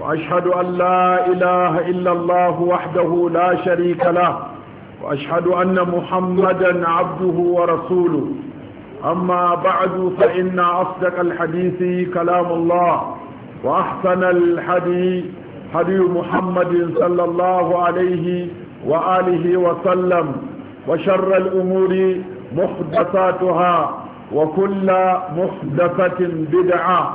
وأشهد أن لا إله إلا الله وحده لا شريك له وأشهد أن محمدا عبده ورسوله أما بعد فإن أصدق الحديث كلام الله وأحسن الحديث حديث محمد صلى الله عليه وآله وسلم وشر الأمور محدثاتها وكل محدثة بدعة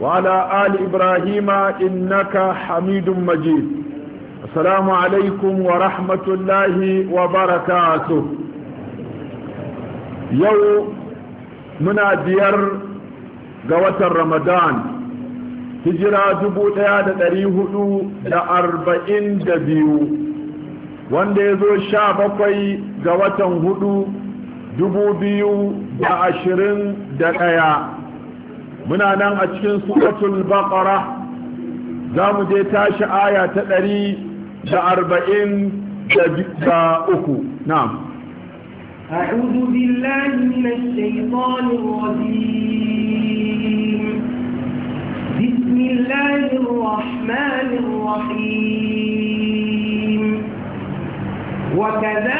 وعلى آل إبراهيم إنك حميد مجيد السلام عليكم ورحمة الله وبركاته يو منا ديار قوة رمضان هجرة دبو تيادة تريه دا أربعين دبيو wanda ya zo قوة هدو ga watan hudu dubu biyu muna nan a cikin suratul baqara za mu je tashi aya ta ɗari da arba'in da uku na'am أعوذ بالله من الشيطان الرجيم بسم الله الرحمن الرحيم وكذلك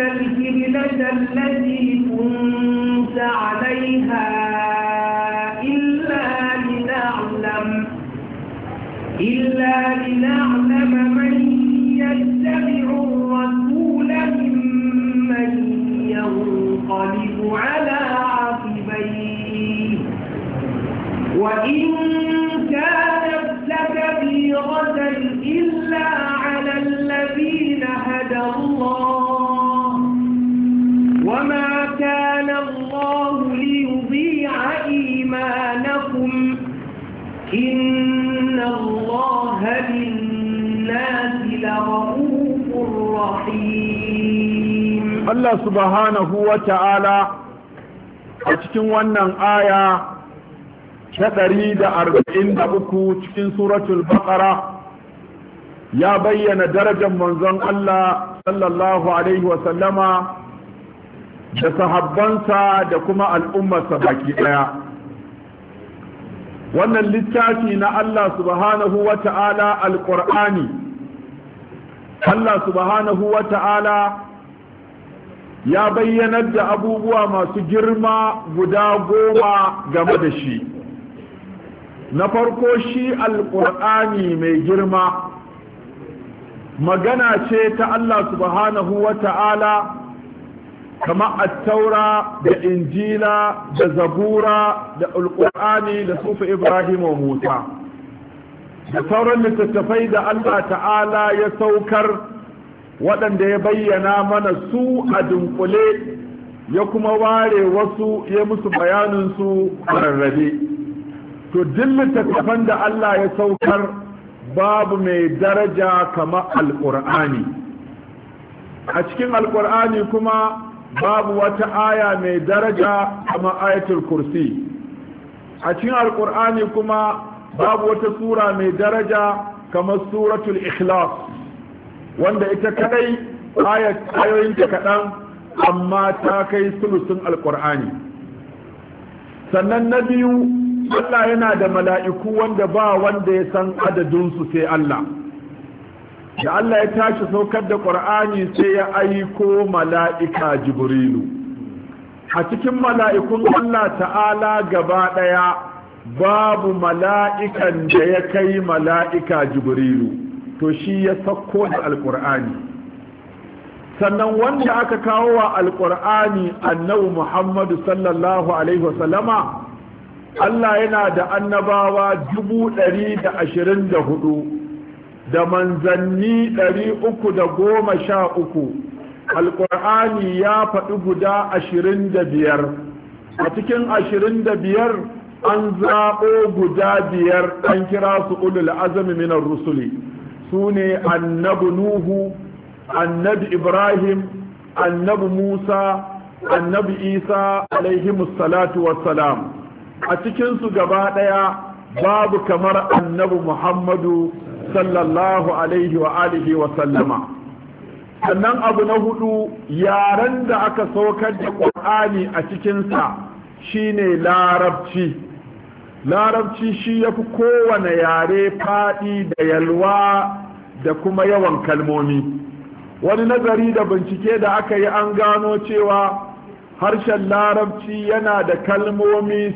أن الجبلة التي كنت عليها إلا لنعلم إلا لنعلم Allah subhanahu wa ta'ala a cikin wannan aya ta ɗari da arba'in da uku cikin suratul baƙara ya bayyana darajar manzon Allah sallallahu alaihi wasallama da sahabbansa da kuma al'ummarsa baki ɗaya. wannan littafi na Allah subhanahu wa ta'ala alƙur'ani Allah subhanahu wa ta'ala ya bayyanar da abubuwa masu girma guda goma game da shi na farko shi alƙur'ani mai girma magana ce ta Allah subhanahu wa ta'ala kama attaura da injila da zabura da alƙur'ani da sufa ibrahim wa musa da sauran littattafai da Allah ta'ala ya saukar waɗanda ya bayyana mana su a dunkule ya kuma ware wasu ya musu bayaninsu rarrabe to duk littattafan da Allah ya saukar babu mai daraja kama alƙur'ani a cikin alƙur'ani kuma babu wata aya mai daraja kama ayatul kursi a cikin alƙur'ani kuma babu wata sura mai daraja kamar suratul ikhlas wanda ita kadai ayoyin ta kaɗan amma ta kai sulusun alkur'ani sannan na biyu Allah yana da mala'iku wanda ba wanda ya san adadinsu sai Allah da Allah ya tashi saukar da ƙur'ani sai ya aiko mala'ika jibrilu a cikin mala'ikun Allah ta'ala gaba ɗaya babu mala'ikan da ya kai mala'ika jibrilu to shi ya sakko da alkur'ani sannan wanda aka kawo wa alkur'ani annabi muhammadu sallallahu alaihi wasallama allah yana da annabawa dubu ɗari da ashirin da hudu da manzanni ɗari uku da goma sha uku alkur'ani ya faɗi guda ashirin da biyar a cikin ashirin da biyar an zaɓo guda biyar an kira su ulul azumi minar rusuli Sune annabi nuhu annabi ibrahim annabi musa annabi isa alaihimus salatu wassalam a cikinsu gaba ɗaya babu kamar annabi muhammadu sallallahu alaihi wa alihi wa sallama sannan abu na hudu yaren da aka saukar da ƙur'ani a cikinsa shine larabci larabci shi ya fi kowane yare faɗi da yalwa da kuma yawan kalmomi wani nazari da bincike da aka yi an gano cewa harshen larabci yana da kalmomi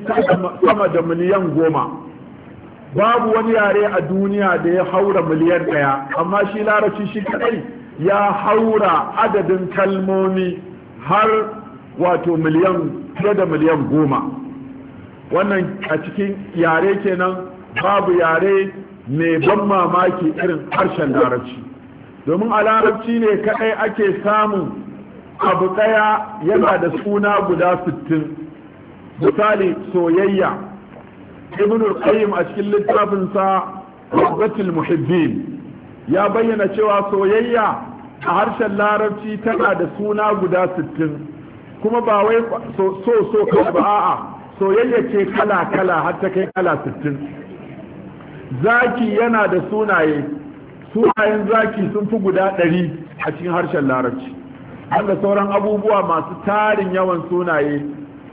sama da miliyan goma babu wani yare a duniya da ya haura miliyan ɗaya amma shi larabci shi kadai ya haura adadin kalmomi har wato miliyan fiye da miliyan goma wannan a cikin yare kenan babu yare mai ban mamaki irin harshen larabci domin a larabci ne kadai ake samun abu ɗaya yana da suna guda sittin misali soyayya ibn a cikin littafinsa rabbatul muhibbin ya bayyana cewa soyayya a harshen larabci tana da suna guda sittin kuma ba wai so so ka ba a'a soyayya ce kala-kala har ta kai kala 60 zaki yana da sunaye sunayen zaki sun fi guda 100 a cikin harshen larabci da sauran abubuwa masu tarin yawan sunaye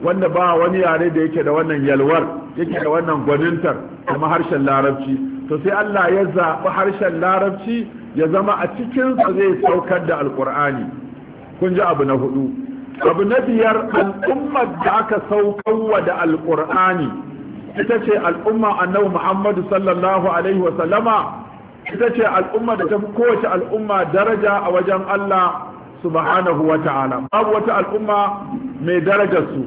wanda ba wani yare da yake da wannan yalwar yake da wannan gwanintar kuma harshen larabci to sai Allah ya zaɓi harshen larabci ya zama a cikinsa zai saukar da alkur'ani kun ji abu na hudu abu na biyar al'ummar da aka wa da alƙur'ani ita ce al'umma annabi muhammadu sallallahu alaihi wa sallama ita ce al'umma da ta fi kowace al'umma daraja a wajen allah subhanahu wa ta'ala babu wata al'umma mai darajar su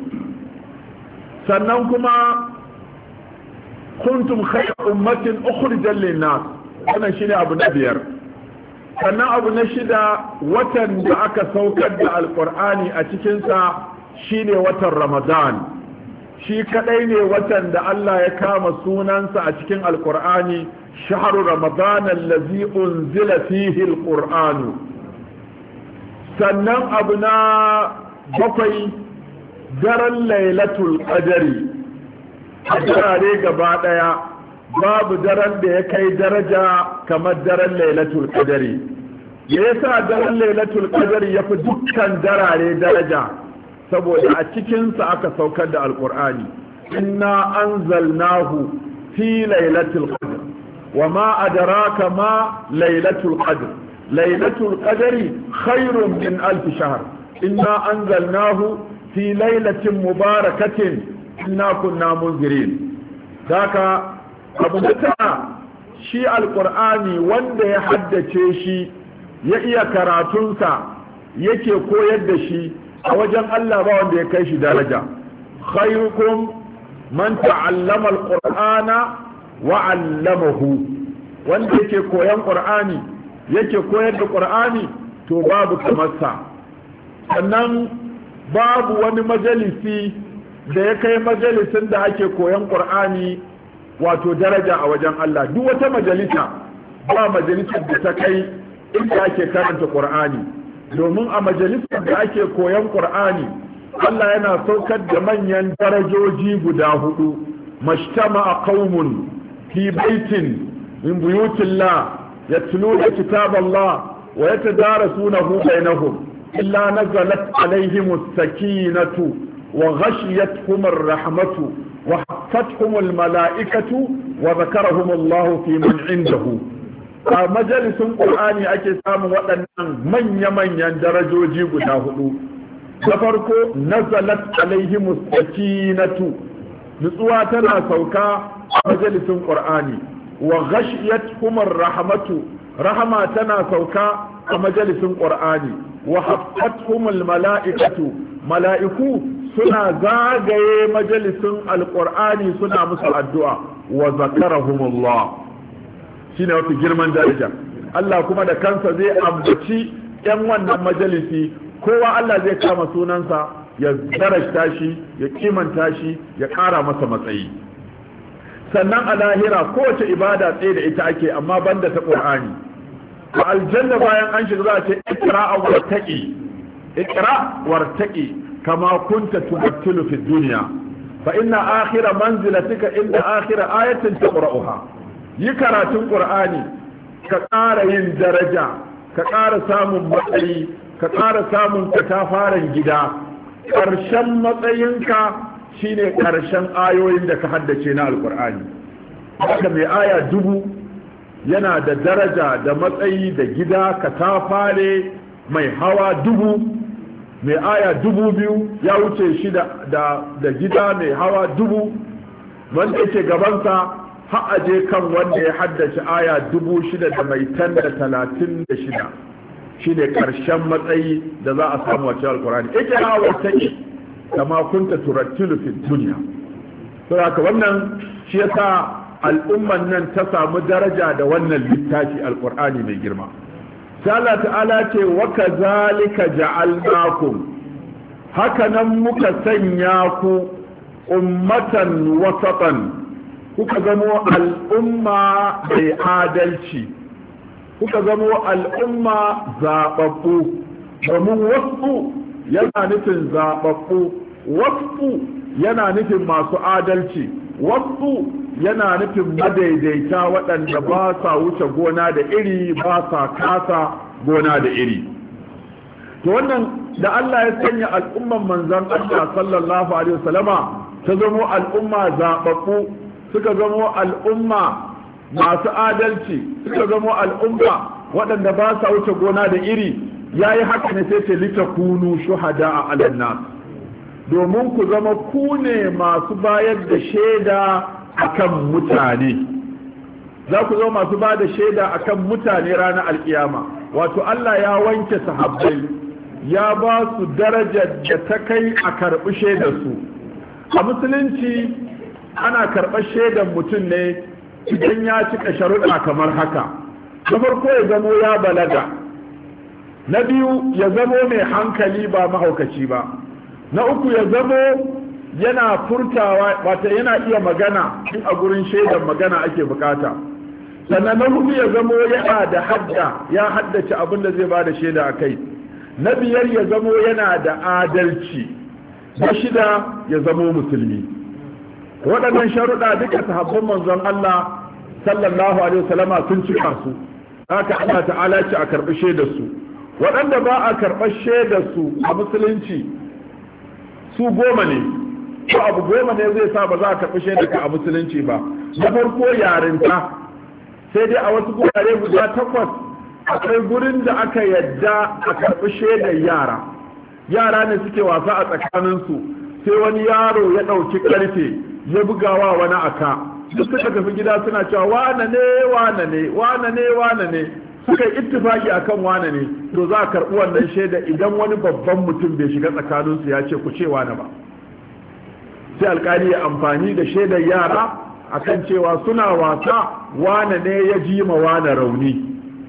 sannan kuma kuntum kai ummatin ukhrijal lin-nas wannan shine abu na biyar sannan abu na shida watan da aka saukar da alkur'ani a cikinsa shine watan ramadan shi kadai ne watan da Allah ya kama sunansa a cikin alkur'ani shaharu ramadan allazi unzila fihi alqur'anu sannan abu na bakwai daren lailatul qadari a gaba daya babu daren da ya kai daraja kamar daren lailatul qadari ya yasa daren lailatul qadari yafi dukkan darare daraja saboda a cikinsa aka saukar da alkur'ani inna anzalnahu fi lailatul qadr wa ma adraka ma lailatul qadr lailatul qadri khairun min alf shahr inna anzalnahu fi lailatin mubarakatin inna kunna munzirin daka abu na tara shi alkur'ani wanda ya haddace shi ya iya karatunsa yake koyar da shi a wajen Allah ba wanda ya kai shi daraja khairukum man ta'allama alqur'ana wa 'allamahu wanda yake koyan qur'ani yake koyar da qur'ani to babu kamar sa sannan babu wani majalisi da ya kai majalisin da ake koyan qur'ani wato daraja a wajen Allah duk wata majalisa ba majalisar da ta kai inda ake karanta Qur'ani domin a majalisar da ake koyan Qur'ani Allah yana saukar da manyan darajoji guda hudu mashtama qaumun fi baitin min buyutillah yatluna kitaballah wa yatadarasunahu bainahum illa nazalat alaihim as-sakinatu wa ghashiyatuhum ar-rahmatu وحفتهم الملائكة وذكرهم الله في من عنده a majalisun ƙur'ani ake samun waɗannan manya-manyan darajoji guda hudu da farko nazalat alaihimus sakinatu nutsuwa tana sauka a majalisun ƙur'ani wa Gash'iyat humar rahmatu rahama tana sauka a majalisin qur'ani wa hafathumul mala'ikatu mala'iku suna zagaye majalisin alqur'ani suna musu addu'a wa zakarahumullah shine wato girman daraja Allah kuma da kansa zai ambaci yan wannan majalisi kowa Allah zai kama sunansa ya darasta shi ya kimanta shi ya kara masa matsayi sannan a lahira kowace ibada tsaye da ita ake amma banda ta qur'ani Wa aljanna bayan an shiga za a ce ikra wartaqi ikra wartaqi kama kunta tubattilu fi duniya. fa inna akhira manzilatika inda akhira ayatin taqra'uha yi karatun qur'ani ka ƙara yin daraja ka ƙara samun matsayi ka ƙara samun katafaren gida ƙarshen matsayinka shine ƙarshen ayoyin da ka haddace na alƙur'ani haka mai aya dubu yana da daraja da matsayi da gida ka fare mai hawa dubu mai aya dubu biyu ya wuce shi da gida mai hawa dubu wanda yake gabansa ha'aje kan wanda ya haddace aya dubu shida da mai tan da talatin da shida shi ne ƙarshen matsayi da za a samu a cikin alkurani Yake hawa ta yi da makunta turatilufin duniya saboda wannan shi ya sa. al'umman nan ta samu daraja da wannan littafi alqur'ani mai girma sai Allah ta'ala ce wa kazalika ja'alnakum haka nan muka sanya ku ummatan wasatan kuka zamo al'umma mai adalci kuka zamo al'umma zaɓaɓɓu domin wasu yana nufin zaɓaɓɓu wasu yana nufin masu adalci wasu yana nufin madaidaita waɗanda ba sa wuce gona da iri ba sa kasa gona da iri to wannan da Allah ya sanya al'umman manzan Allah sallallahu alaihi wasallama ta zamo al'umma zaɓaɓɓu suka zamo al'umma masu adalci suka zamo al'umma waɗanda ba sa wuce gona da iri ya yi haka ne sai ce litakunu shuhada a alannas domin ku zama ku ne masu bayar da shaida akan mutane za ku zo masu ba da shaida akan mutane ranar alkiyama wato Allah ya wanke sahabbai ya ba su darajar da ta kai a karɓi su. a musulunci ana karɓar shaidar mutum ne idan ya cika sharuɗa kamar haka na farko ya zamo ya balaga na biyu ya zamo mai hankali ba mahaukaci ba na uku ya zamo yana furtawa wata yana iya magana a gurin shaidar magana ake bukata sannan na hudu ya zamo yana da hadda ya haddace abin da zai ba da shaida a kai na biyar ya zamo yana da adalci na shida ya zamo musulmi waɗannan sharuɗa duka sahabban manzon Allah sallallahu alaihi wasallama sun cika su haka Allah ta'ala ci a karɓi shaidar su waɗanda ba a karɓar shaidar su a musulunci su goma ne ko abu goma ne zai sa ba za a karɓi shaida a musulunci ba na farko yarinta sai dai a wasu gurare guda takwas akwai gurin da aka yadda a karɓi shaidar yara yara ne suke wasa a tsakaninsu sai wani yaro ya ɗauki ƙarfe ya bugawa wani aka duk suka tafi gida suna cewa wane ne wane ne wane ne wane ne suka yi ittifaki akan wane ne to za a karɓi wannan shaida idan wani babban mutum bai shiga tsakaninsu ya ce ku ce wane ba sai alkali ya amfani da shaidar yara a kan cewa suna wasa wane ne ya ji ma wane rauni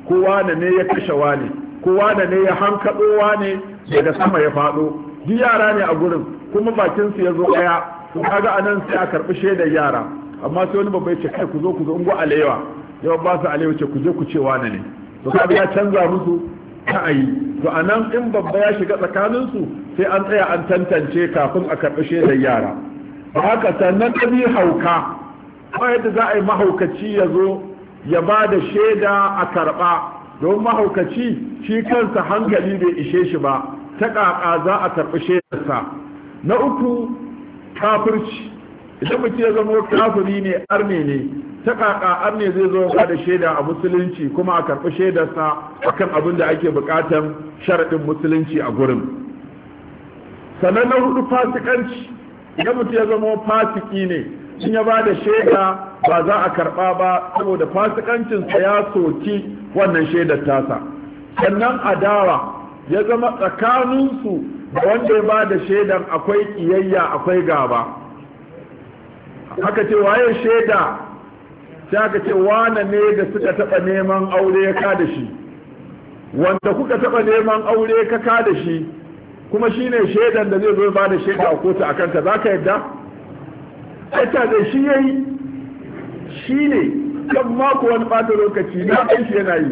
ko wane ne ya kashe wane ko wane ne ya hankaɗo wane daga sama ya faɗo duk yara ne a gurin kuma bakin su ya zo ɗaya to kaga anan sai a karɓi shaidar yara amma sai wani babba ya ce kai ku zo ku zo ungo alewa yau ba su alewa ce ku je ku ce wane ne to kaga ya canza musu ra'ayi to nan in babba ya shiga tsakaninsu sai an tsaya an tantance kafin a karɓi shaidar yara Ba haka sannan ta bi hauka ba yadda za a yi mahaukaci ya zo ya ba da shaida a karɓa don mahaukaci shi kansa hankali bai ishe shi ba ta ƙaƙa za a karɓi shaidarsa na uku kafirci idan mutum ya zama kafiri ne arne ne ta ƙaƙa arne zai zo ba da shaida a musulunci kuma a karɓi shaidarsa akan abin da ake buƙatan sharaɗin musulunci a gurin sannan na hudu fasikanci idan mutum ya zama fasiki ne in ya ba da shaida ba za a karɓa ba saboda fasikancinsa ya soki wannan shaidar tasa sannan adawa ya zama tsakaninsu da wanda ya ba da shaidan akwai ƙiyayya akwai gaba haka ce waye shaida sai aka ce wane ne da suka taɓa neman aure ya ka da shi wanda kuka taɓa neman aure ka ka da shi kuma shi ne shaidan da zai zo ba da shaida a kotu za ka zaka da shi ya yi shi ne, shine kan mako wani bata lokaci na aiki yana yi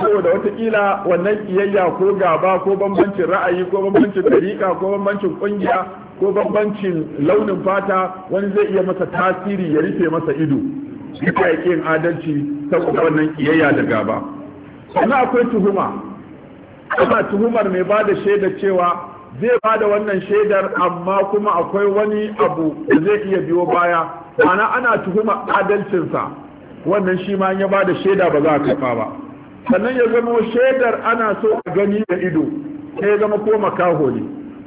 saboda watakila wannan iyayya ko gaba ko bambancin ra'ayi ko bambancin dariƙa ko bambancin ƙungiya ko bambancin launin fata wani zai iya masa tasiri ya rufe masa ido ita ya ƙin adalci saboda wannan kiyayya da gaba sannan akwai tuhuma ana tuhumar mai ba da shaida cewa zai ba da wannan shaidar amma kuma akwai wani abu da zai iya biyo baya ana ana tuhuma adalcinsa wannan shi ma ya ba da shaida ba za a kafa ba sannan ya zama shaidar ana so a gani da ido sai ya zama ko makaho ne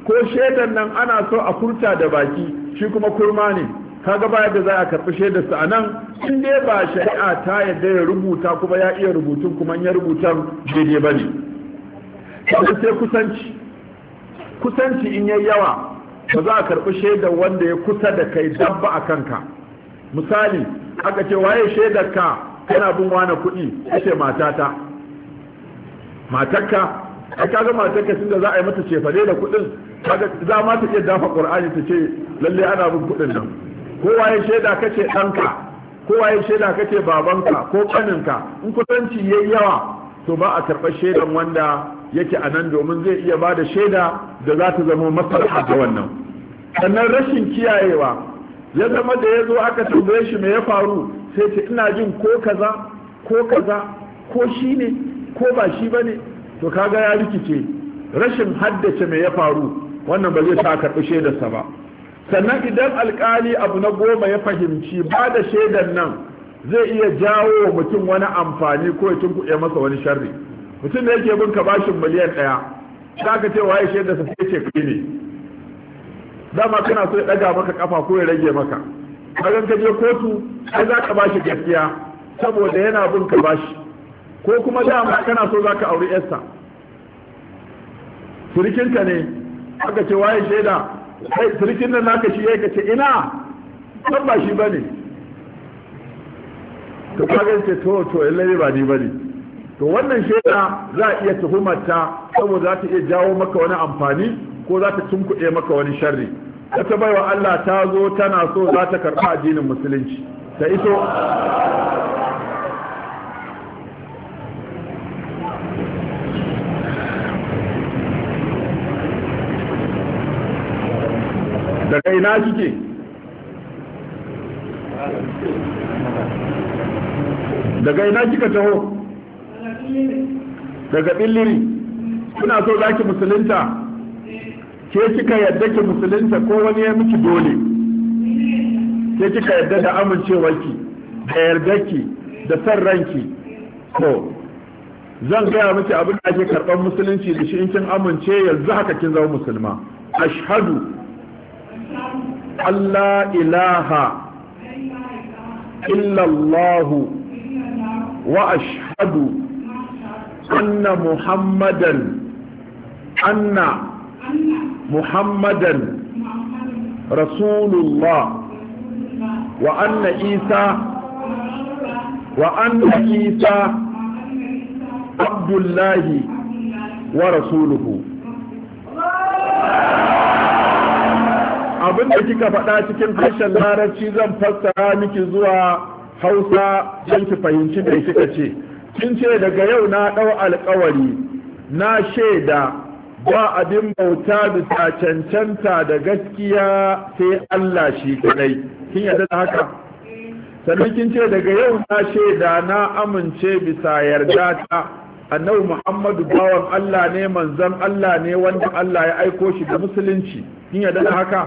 ko shaidar nan ana so a furta da baki shi kuma kurma ne kaga ba yadda za a karɓi shaidar sa anan in dai ba shari'a ta yadda ya rubuta kuma ya iya rubutun kuma ya rubutan daidai ba ne sai kusanci kusanci in yayi yawa ba za a karɓi shaidar wanda ya kusa da kai dabba a kanka misali aka ce waye shaidar ka kana bin wani kuɗi ya ce matata matarka ai kaga matarka tunda za a yi mata cefale da kuɗin za ma ta iya dafa qur'ani ta ce lalle ana bin kuɗin nan Ko waye shaida kace ɗanka Ko waye shaida kace babanka ko ƙaninka in kusanci yayi yawa to ba a karɓa shaidan wanda yake a nan domin zai iya ba da shaida da za ta zama maslaha ga wannan sannan rashin kiyayewa ya zama da ya zo aka tambaye shi me ya faru sai ce ina jin ko kaza ko kaza ko shi ne ko ba shi ba ne to kaga ya rikice rashin haddace me ya faru wannan ba zai sa a karɓi shaidarsa ba sannan idan alkali abu na goma ya fahimci ba da shaidan nan zai iya jawo wa mutum wani amfani ko ya tunkuɗe masa wani sharri mutum da yake bin ka bashin miliyan ɗaya za ka ce wa shaida da sai ce kai ne dama kana so ya ɗaga maka kafa ko ya rage maka kagan ka je kotu ai za ka bashi gaskiya saboda yana bin ka bashi ko kuma dama kana so za ka auri yarsa sirikinka ne aka ce waye shaida kai sirikin nan naka shi ya ce ina san ba shi bane to kaga ce to to lalle ba ni bane to wannan shaida za a iya tuhumarta saboda za ta iya jawo maka wani amfani ko za ta tunkuɗe maka wani sharri wata baiwa Allah ta zo tana so za ta karɓa addinin musulunci ta iso daga ina kike daga ina kika taho daga billiri kuna so za ki musulunta ke kika yadda ki musulunta ko wani ya miki dole ke kika yadda da amincewarki da yardarki da san ranki ko zan gaya miki abin da ake karɓar musulunci da shi in kin amince yanzu haka kin zama musulma ashhadu Allah ilaha illallahu وأشهد أن محمدا أن محمدا رسول الله وأن عيسى وأن عيسى عبد الله ورسوله abin da kika faɗa cikin harshen larabci zan fassara miki zuwa hausa don su fahimci da suka ce kin ce daga yau na ɗau alkawari na shaida ba abin bauta bisa cancanta da gaskiya sai Allah shi kadai kin yarda da haka sannan kin ce daga yau na shaida na amince bisa yarda ta annabi Muhammadu bawan Allah ne manzon Allah ne wanda Allah ya aiko shi da musulunci kin yarda da haka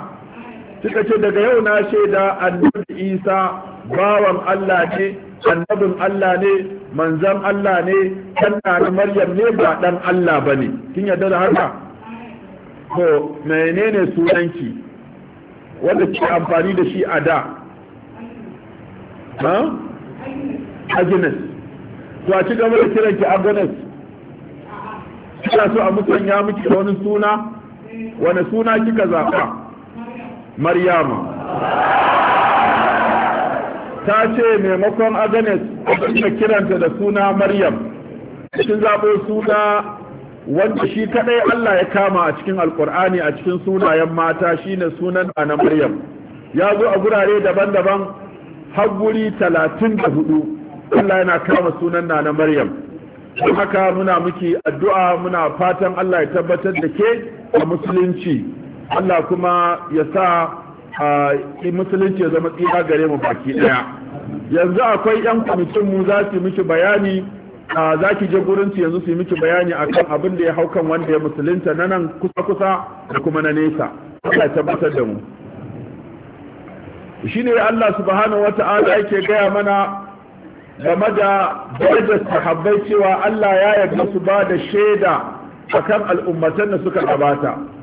kika ce daga yau na shaida annabi Isa bawan Allah ne annabin Allah ne manzan Allah ne na Maryam ne ba dan Allah ba ne kin yarda da haka ko menene sunanki wanda ke amfani da shi a da ha Agnes to a ci gaba da kiranki Agnes kina so a ya miki wani suna wani suna kika zaɓa Maryama ta ce maimakon Agnes a kiranta da suna maryam cikin zaɓo suna wanda shi kaɗai allah ya kama a cikin Alƙur'ani a cikin sunayen mata shine sunan na maryam ya zo a gurare daban-daban har guri talatin da hudu allah yana kama sunan nana maryam don haka muna miki addu'a muna fatan allah ya tabbatar da ke a musulunci allah kuma ya sa a musulunci ya zama tsira gare mu baki daya yanzu akwai yan kwamitin mu za su miki bayani a za ki je gurin su yanzu su miki bayani akan abin da ya hau kan wanda ya musulunta na nan kusa kusa da kuma na nesa Allah tabbatar da mu Shi ne Allah subhanahu ta'ala yake gaya mana game da darajar sahabbai cewa Allah ya yarda su ba da shaida akan al'ummatan da suka gabata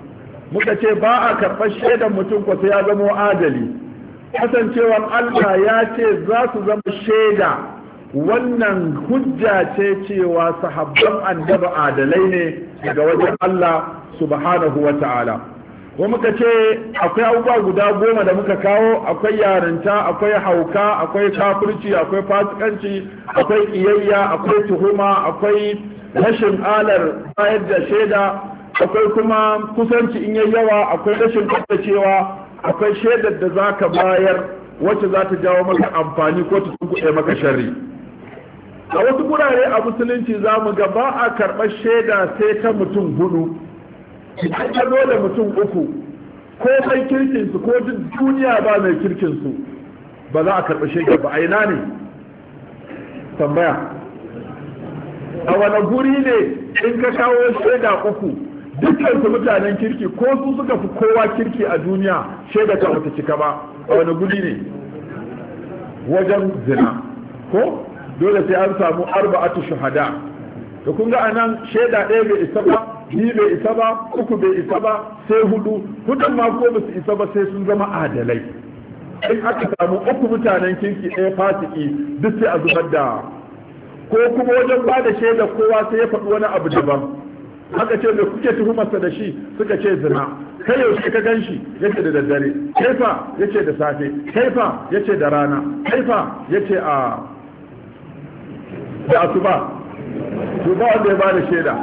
muka ce ba a karɓar shaidan mutum ko sai ya zama adali kasancewar Allah ya ce za su zama shaida wannan hujja ce cewa sahabban annabi adalai ne daga wajen Allah subhanahu wa ta'ala ko muka ce akwai abubuwa guda goma da muka kawo akwai yarinta akwai hauka akwai kafirci akwai fasikanci akwai iyayya akwai tuhuma akwai rashin alar bayar da shaida akwai kuma kusanci in yayi yawa akwai rashin tabbacewa akwai shaidar da za ka bayar wacce za ta jawo maka amfani ko ta tunkuɗe maka sharri a wasu gurare a musulunci za mu ga ba a karɓar shaida sai ta mutum hudu idan ka zo da mutum uku ko mai kirkinsu ko duniya ba mai kirkinsu ba za a karɓi shaida ba a ina ne tambaya a wani guri ne in ka kawo shaida uku dukkan su mutanen kirki ko su suka fi kowa kirki a duniya shaida ta wata cika ba a wani guri ne wajen zina ko dole sai an samu arba'atu shuhada to kun ga anan shaida ɗaya bai isa ba biyu bai isa ba uku bai isa ba sai hudu hudun ma ko basu isa ba sai sun zama adalai in aka samu uku mutanen kirki ɗaya fasiki duk sai a zubar da ko kuma wajen ba da shaida kowa sai ya faɗi wani abu daban aka ce me kuke tuhumarsa da shi suka ce zina kai yaushe ka gan shi yake da daddare kai yace da safe kai yace da rana kai fa yace a ah, da asuba to ba wanda ya bada shaida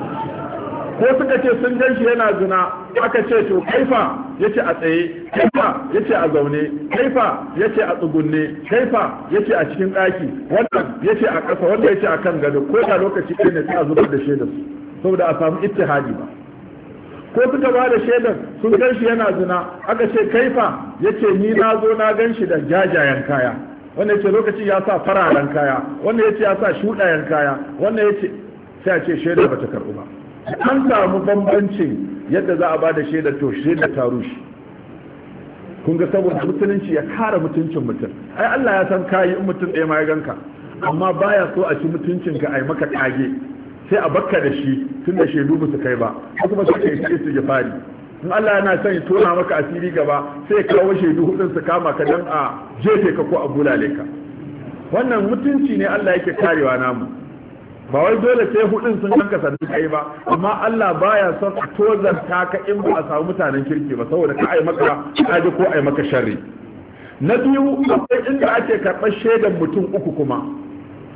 ko suka ce sun gan shi yana zina aka ce to kai yace a tsaye kai yace a zaune kai fa yace a tsugunne kai fa yace a cikin daki wannan yace a ƙasa wanda yace a kan gado ko da lokaci ne sai a zubar da shaidar su saboda a samu ittihadi ba ko suka ba da shaidar sun gan shi yana zina aka ce kaifa yace ni na zo na gan shi da jajayen kaya wanda yace lokacin ya sa fararen kaya wanda yace ya sa shuɗayen kaya wanda yace sai a ce shaidar bata karɓi ba an samu bambancin yadda za a ba da shaidar to shaidar ta rushe kun ga saboda mutunci ya kare mutuncin mutum ai Allah ya san kayi in mutum ɗaya ma ya ganka amma baya so a ci mutuncinka ai maka kage sai a bakka da shi tun da shaidu ba su kai ba ko kuma sai kai shi su jafari in Allah yana son ya tona maka asiri gaba sai ya kawo shaidu hudun su kama ka dan a jefe ka ko a bulale ka wannan mutunci ne Allah yake karewa namu ba wai dole sai hudun sun ganka sannu kai ba amma Allah baya son a tozarta ka in ba a samu mutanen kirki ba saboda ka ai maka kaji ko ai maka sharri na biyu akwai inda ake karɓar shaidan mutum uku kuma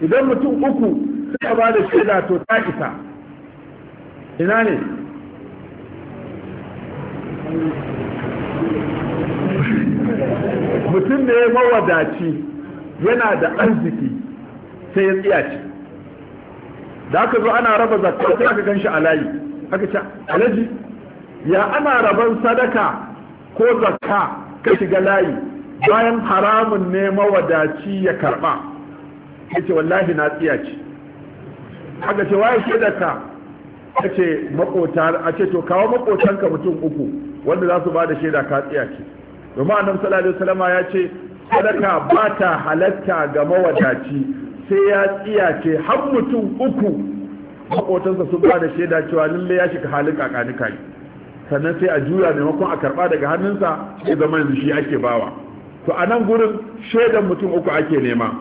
idan mutum uku suka ba da shaida to ta isa ina ne mutum da ya mawadaci yana da arziki sai ya tsiyaci da aka zo ana raba zakka sai aka gan shi a layi aka ce alaji ya ana raban sadaka ko zakka ka shiga layi bayan haramun ne mawadaci ya karba ya ce wallahi na tsiyaci aka ce waye ka? ta ce makota a ce to kawo ka mutum uku wanda za su ba da shaida ka tsiya ce domin annabi sallallahu alaihi wasallam ya ce sadaka ba ta halatta ga mawadaci sai ya tsiya ce har mutum uku makotansa sun ba da shaida cewa lalle ya shiga halin kakanika sannan sai a juya maimakon a karba daga hannunsa sai zama yanzu shi ake bawa to a nan gurin shaidan mutum uku ake nema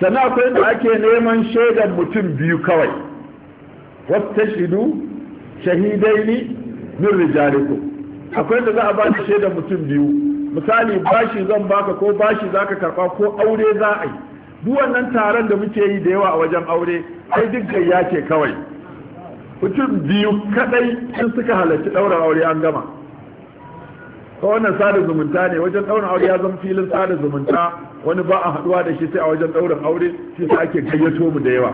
sannan akwai da ake neman shaidar mutum biyu kawai wata shidu shahidai min rijaliku akwai da za a bani shaidar mutum biyu misali bashi zan baka ko bashi zaka karba ko aure za a yi duk wannan taron da muke yi da yawa a wajen aure ai duk gayya ce kawai mutum biyu kadai sun suka halarci ɗaurar aure an gama ta wannan sada zumunta ne wajen ɗaurin aure ya zama filin sada zumunta wani ba a haduwa da shi sai a wajen ɗaurin aure shi sa ake gayyato mu da yawa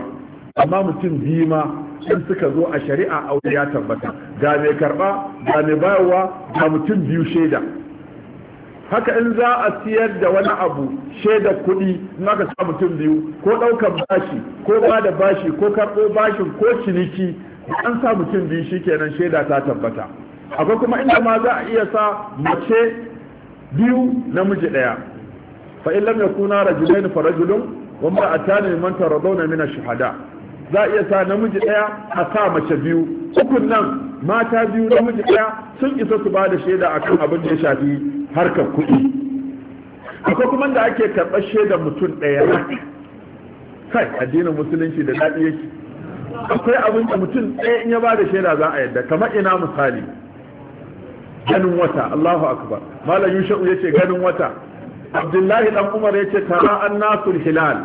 amma mutum biyu ma in suka zo a shari'a aure ya tabbata ga mai karba ga mai bayarwa ga mutum biyu shaida haka in za a siyar da wani abu shaida kuɗi in aka sa mutum biyu ko daukan bashi ko ba da bashi ko karɓo bashin ko ciniki an sa mutum biyu shikenan shaida ta tabbata akwai kuma inda ma za a iya sa mace biyu namiji ɗaya. fa in lam yakuna rajulain fa rajulun wa imra'atan man taradawna min ash-shuhada za a iya sa namiji daya a sa mace biyu ukun nan mata biyu namiji daya sun isa su bada shaida akan abin da ya shafi harkar kuɗi akwai kuma da ake karɓar shaidar mutum ɗaya kai addinin musulunci da daɗi yake akwai abin da mutum ɗaya in ya bada shaida za a yadda kamar ina misali ganin wata Allahu akbar malam yusha'u yace ganin wata Abdullahi dan Umar yace tara annasul hilal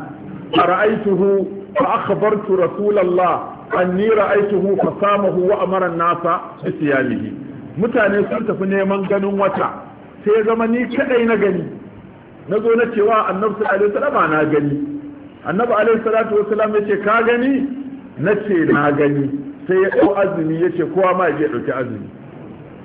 ara'aituhu fa akhbartu rasulullah anni ra'aituhu fa samahu wa amara an-nasa bi mutane sun tafi neman ganin wata sai zama ni kadai na gani na zo na cewa annabi sallallahu alaihi wasallam na gani annabi alaihi salatu wasallam yace ka gani nace na gani sai ya ɗau azumi yace kowa ma ya ɗauki azumi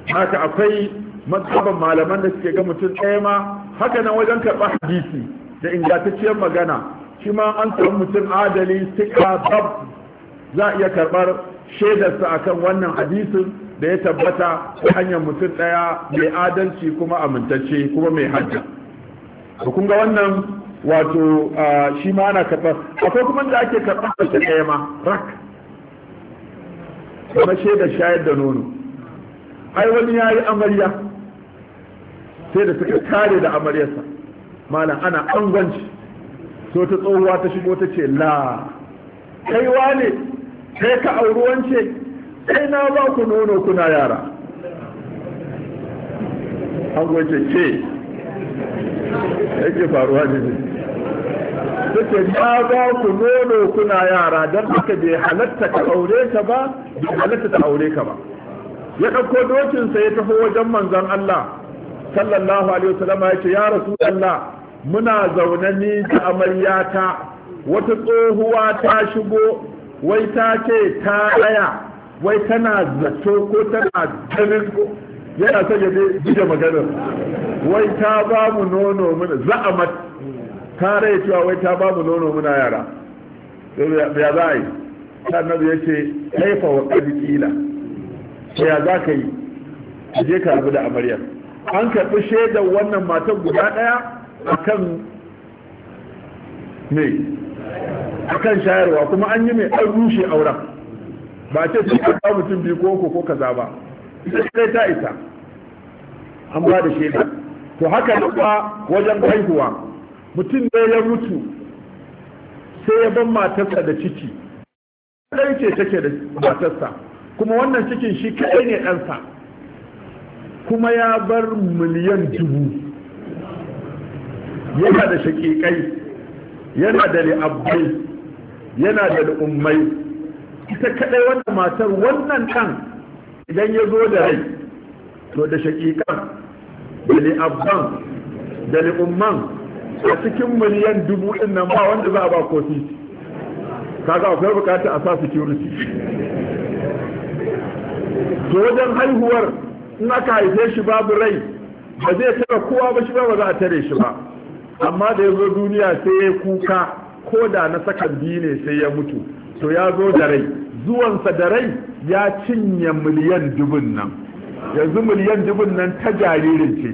haka akwai mazhaban malaman da suke ga mutum ɗaya ma haka nan wajen karɓar hadisi da ingantacciyar magana shi ma an samu mutum adali sika bab za a iya karɓar shaidarsa akan wannan hadisin da ya tabbata ta hanyar mutum ɗaya mai adalci kuma amintacce kuma mai hajja to kun ga wannan wato shi ma ana karɓar akwai kuma da ake karɓar da ɗaya ma rak kuma shaidar shayar da nono ai wani ya yi amarya sai da suka tare da amaryarsa malam ana angwanci so ta tsohuwa ta shigo ta ce la kai wane kai ka auruwance kai na ba ku nono kuna yara angwance ke yake faruwa ne ne take ba ba ku nono kuna yara don haka bai halatta ka aure ka ba bai halatta ta aure ka ba ya ɗauko dokinsa ya tafi wajen manzon Allah sallallahu alaihi wasallam ya ce ya rasulullah muna zaune ni da amaryata wata tsohuwa ta shigo wai ta ce ta tsaya wai tana zato ko tana ganin ko yana son ya je maganar wai ta ba mu nono muna za'amat ta rai cewa wai ta ba mu nono muna yara ya za a yi sannan ya ce haifa wa ƙarfi ƙila to ya za ka yi a je ka abu da amaryar an karɓi shaidar wannan matan guda ɗaya a kan ne a kan shayarwa kuma an yi mai an rushe auren ba ce su ka mutum biyu ko ko kaza ba ita kai ta isa an ba da shaida to haka da ba wajen haihuwa mutum ne ya mutu sai ya ban matarsa da ciki ɗan ce take da matarsa kuma wannan cikin shi kaɗai ne ɗansa kuma ya bar miliyan dubu yana da shaƙiƙai yana da li'abbai yana da li'ummai ita kaɗai wannan matar wannan ɗan idan ya zo da rai to da shaƙiƙan da li'abban da li'umman a cikin miliyan dubu ɗin nan ba wanda za a ba kofi kaga akwai bukata a sa security to wajen haihuwar in aka haife shi babu rai ba zai tara kowa ba shi ba ba za a tare shi ba amma da ya zo duniya sai ya kuka ko da na sakan biyu ne sai ya mutu to ya zo da rai zuwansa da rai ya cinye miliyan dubun nan yanzu miliyan dubun nan ta jaririn ce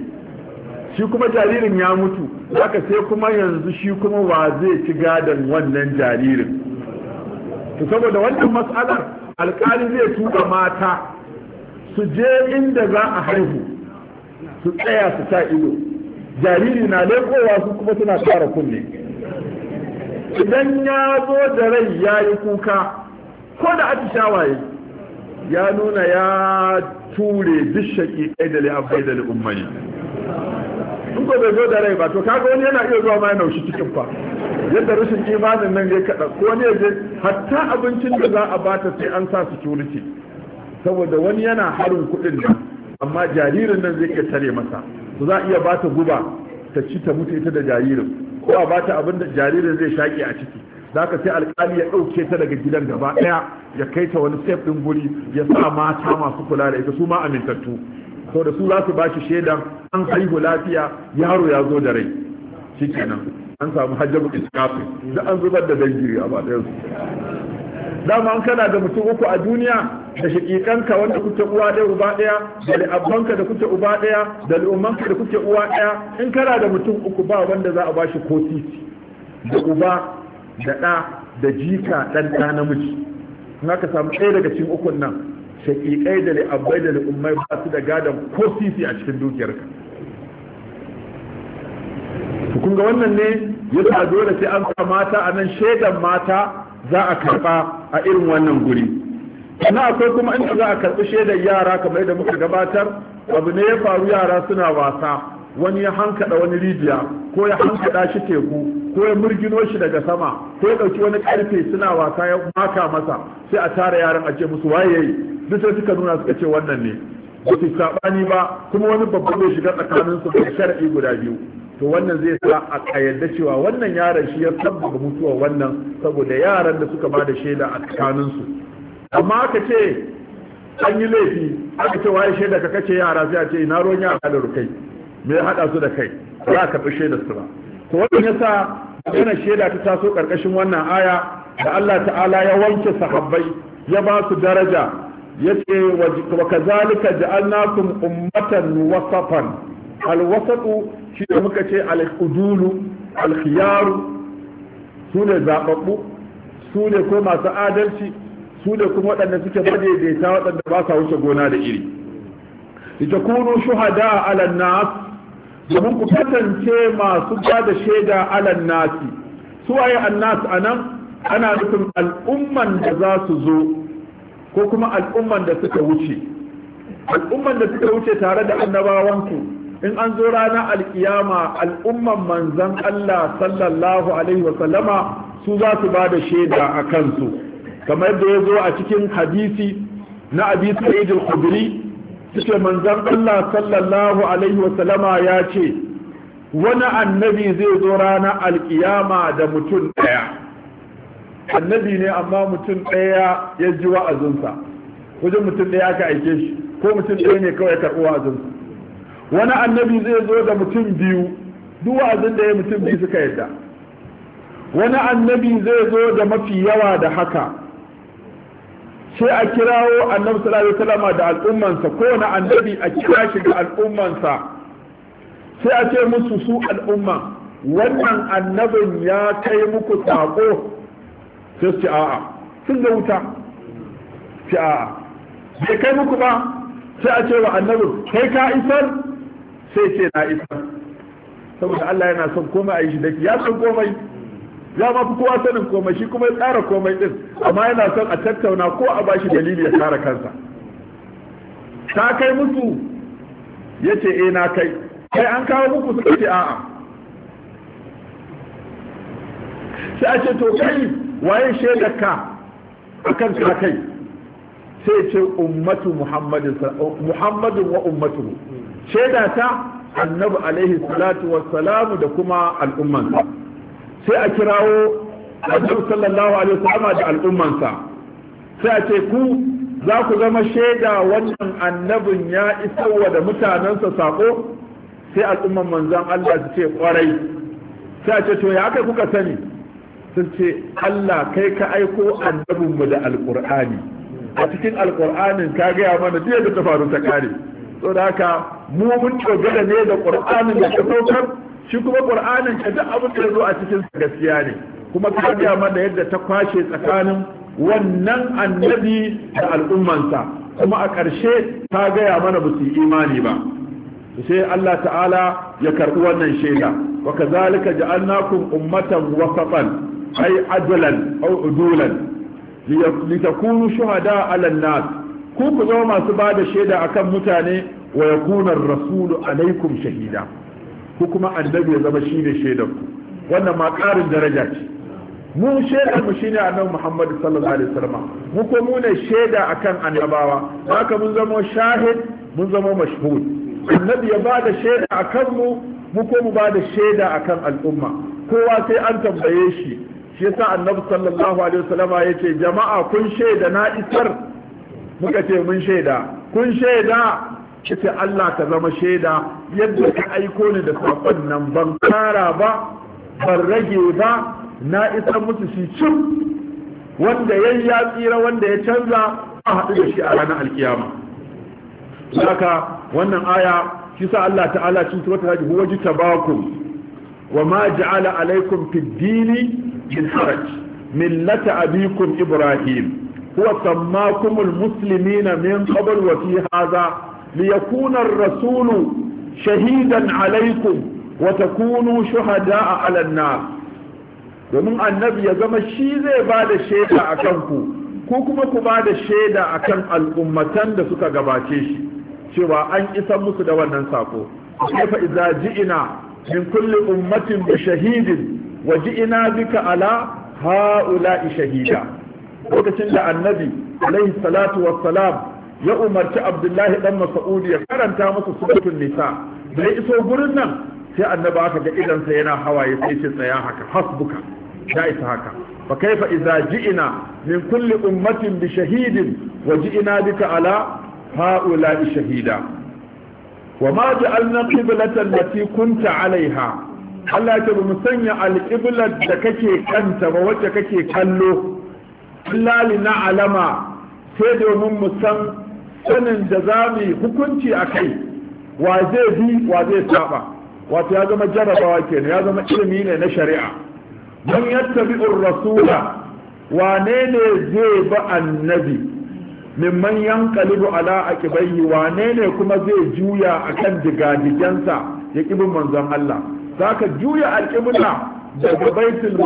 shi kuma jaririn ya mutu haka sai kuma yanzu shi kuma wa zai ci gadon wannan jaririn to saboda wannan matsalar alkali zai tuka mata su je inda za a haihu su tsaya su ta ido jariri na lekowa su kuma suna tsara kunne idan ya zo da rai ya yi kuka ko da shawaye ya nuna ya ture duk shaƙiƙai da li'abbai da in ko bai zo da rai ba to kaga wani yana iya zuwa ma ya naushi cikin fa yadda rashin imanin nan ya kaɗa ko ne hatta abincin da za a bata sai an sa security saboda wani yana harin kuɗin nan amma jaririn nan zai iya tare masa to za a iya ba ta guba ta ci ta mutu ita da jaririn ko a ba ta abin da jaririn zai shaƙe a ciki za ka sai alƙali ya ɗauke ta daga gidan gaba ɗaya ya kai ta wani sef ɗin guri ya sa mata masu kula da ita su ma amintattu sau da su za su ba shi shaidan an haihu lafiya yaro ya zo da rai shi kenan an samu hajjabu iskafin da an zubar da dangi a ba su dama an kana da mutum uku a duniya da shakikanka wanda kuke uwa ɗaya uba ɗaya da li'abbanka da kuke uba ɗaya da li'ummanka da kuke uwa ɗaya in kana da mutum uku ba wanda za a ba shi ko titi da uba da ɗa da jika ɗan ɗa namiji in aka samu ɗaya daga cikin ukun nan shakikai da li'abbai da li'ummai ba su da gadon ko titi a cikin dukiyarka kun ga wannan ne yasa dole sai an sa mata a nan shaidan mata za a karɓa a irin wannan guri sannan akwai kuma inda za a karɓi shaidar yara kamar yadda muka gabatar abu ne ya faru yara suna wasa wani ya hankada wani rijiya ko ya hankada shi teku ko ya murgino shi daga sama ko ya ɗauki wani karfe suna wasa ya maka masa sai a tara yaran a ce musu waye yayi duk sai suka nuna suka ce wannan ne ba su saɓani ba kuma wani babban zai shiga tsakanin su da shari'i guda biyu to wannan zai sa a kayyade cewa wannan yaran shi ya sabba mutuwar wannan saboda yaran da suka ba da shaida a tsakanin su. amma aka ce an yi laifi aka ce waye shaida ka kace yara zai ce ina ruwan yara da rukai me ya hada su da kai za ka bi shaida su ba to wannan yasa magana shaida ta taso karkashin wannan aya da Allah ta'ala ya wanke sahabbai ya ba su daraja yace wa kazalika ja'alnakum ummatan wasatan alwasatu shi da muka ce al-udulu al su ne zababbu su ne ko masu adalci su da kuma waɗanda suke madaidaita waɗanda ba sa wuce gona da iri litakunu shuhada ala nas domin ku kasance masu ba da shaida ala nasi su waye annas anan ana nufin al'umman da za su zo ko kuma al'umman da suka wuce al'umman da suka wuce tare da annabawanku in an zo ranar alkiyama al'umman manzan Allah sallallahu alaihi su za su ba da shaida a kansu kamar da ya zo a cikin hadisi na abi sa'id al-khudri suke manzon Allah sallallahu alaihi wasallama ya ce wani annabi zai zo rana alkiyama da mutum daya annabi ne amma mutum daya ya ji wa'azinsa wajen mutum daya aka aike shi ko mutum daya ne kawai ya karɓi wa'azinsa wani annabi zai zo da mutum biyu duk wa'azin da ya mutum biyu suka yadda wani annabi zai zo da mafi yawa da haka sai a kirawo annabi sallallahu alaihi wasallam da al'ummansa kowane annabi a kira shi da al'ummansa sai a ce musu su al'umma wannan annabin ya kai muku sako sai su a'a sun da wuta ce a'a bai kai muku ba sai a ce wa annabin kai ka isar sai ce na isar saboda Allah yana son komai a yi shi da ya san komai ya ma fi kowa sanin komai shi kuma ya tsara komai din amma yana son a tattauna ko a ba shi dalili ya kare kansa ta kai musu yace ce eh na kai kai an kawo muku suka ce a'a sai a ce to kai waye shaidar ka akan ka kai sai ce ummatu muhammadin muhammadin wa ummatu shaida ta annabi alaihi salatu wassalamu da kuma al'ummansa. sai a kirawo annabi sallallahu alaihi wasallam da al'ummansa sai a ce ku za ku zama shaida wannan annabin ya isowa da mutanensa sako sai al'umman manzon Allah su ce kwarai sai a ce to ya kai kuka sani sun ce Allah kai ka aiko annabinmu da alqur'ani a cikin alkur'anin ka gaya mana duk da ta ta kare to da haka mu mun dogara ne da qur'anin da ka saukar shi kuma qur'anin ka duk abin da ya zo a cikin gaskiya ne kuma ta gaya mana yadda ta kwashe tsakanin wannan annabi da al'ummansa kuma a ƙarshe ta gaya mana ba su yi imani ba sai Allah ta'ala ya karɓi wannan shaida wa kazalika ja'alnakum ummatan wasatan ay adlan aw udulan litakunu shuhada 'ala an-nas ku ku zama masu ba da shaida akan mutane wa yakuna ar-rasulu alaikum shahida ku kuma annabi ya zama shi ne shaidar ku wannan ma ƙarin daraja ce mu shaidar mu shine annabi Muhammadu sallallahu alaihi wasallam mu ko mu ne shaida akan annabawa haka mun zama shahid mun zama mashhud annabi ya bada shaida akan mu mu ko mu bada shaida akan al'umma kowa sai an tambaye shi shi yasa annabi sallallahu alaihi wasallam yace jama'a kun shaida na isar muka ce mun shaida kun shaida ce Allah ka zama shaida yadda ka aiko ni da sakon nan ban kara ba ban rage ba na isar musu shi cin wanda ya ya tsira wanda ya canza a haɗu da shi a ranar alkiyama saka wannan aya shi sa Allah ta'ala cikin wata haji huwa jitabakum wa ma ja'ala alaikum fid dini min haraj millata abikum ibrahim huwa sammakum almuslimina min qabl wa fi hadha liyakuna ar-rasulu shahidan alaikum Wata kunu shuhada a an domin annabi ya zama shi zai ba da shaida a kanku ko kuma ku ba da shaida a kan al'ummatan da suka gabace shi cewa an isa musu da wannan sako kaifa idza ji'ina min kulli ummatin bi shahidin wa ji'ina bika ala ha'ula'i shahida lokacin da annabi alaihi salatu wassalam ya umarci abdullahi dan mas'ud ya karanta musu suratul nisa da iso gurin nan sai annaba aka ga idansa yana hawaye sai ce tsaya haka hasbuka ya isa haka fa kaifa idza ji'ina min kulli ummatin bi shahidin wa ji'ina bika ala ha'ula'i shahida wa ma ja'alna qiblatan allati kunta alaiha? Allah ya tabi mu sanya qiblat da kake kanta ba wacce kake kallo illa li na'lama sai domin mu san sanin da zamu hukunci akai wa zai bi wa zai saba wato ya zama jarabawa ne ya zama ilimi ne na shari'a man yattabi'ur rasula wane ne zai ba annabi mimman yankalibu ala akibayhi wane ne kuma zai juya akan digadigensa ya kibin manzon Allah zaka juya alƙibla daga baitul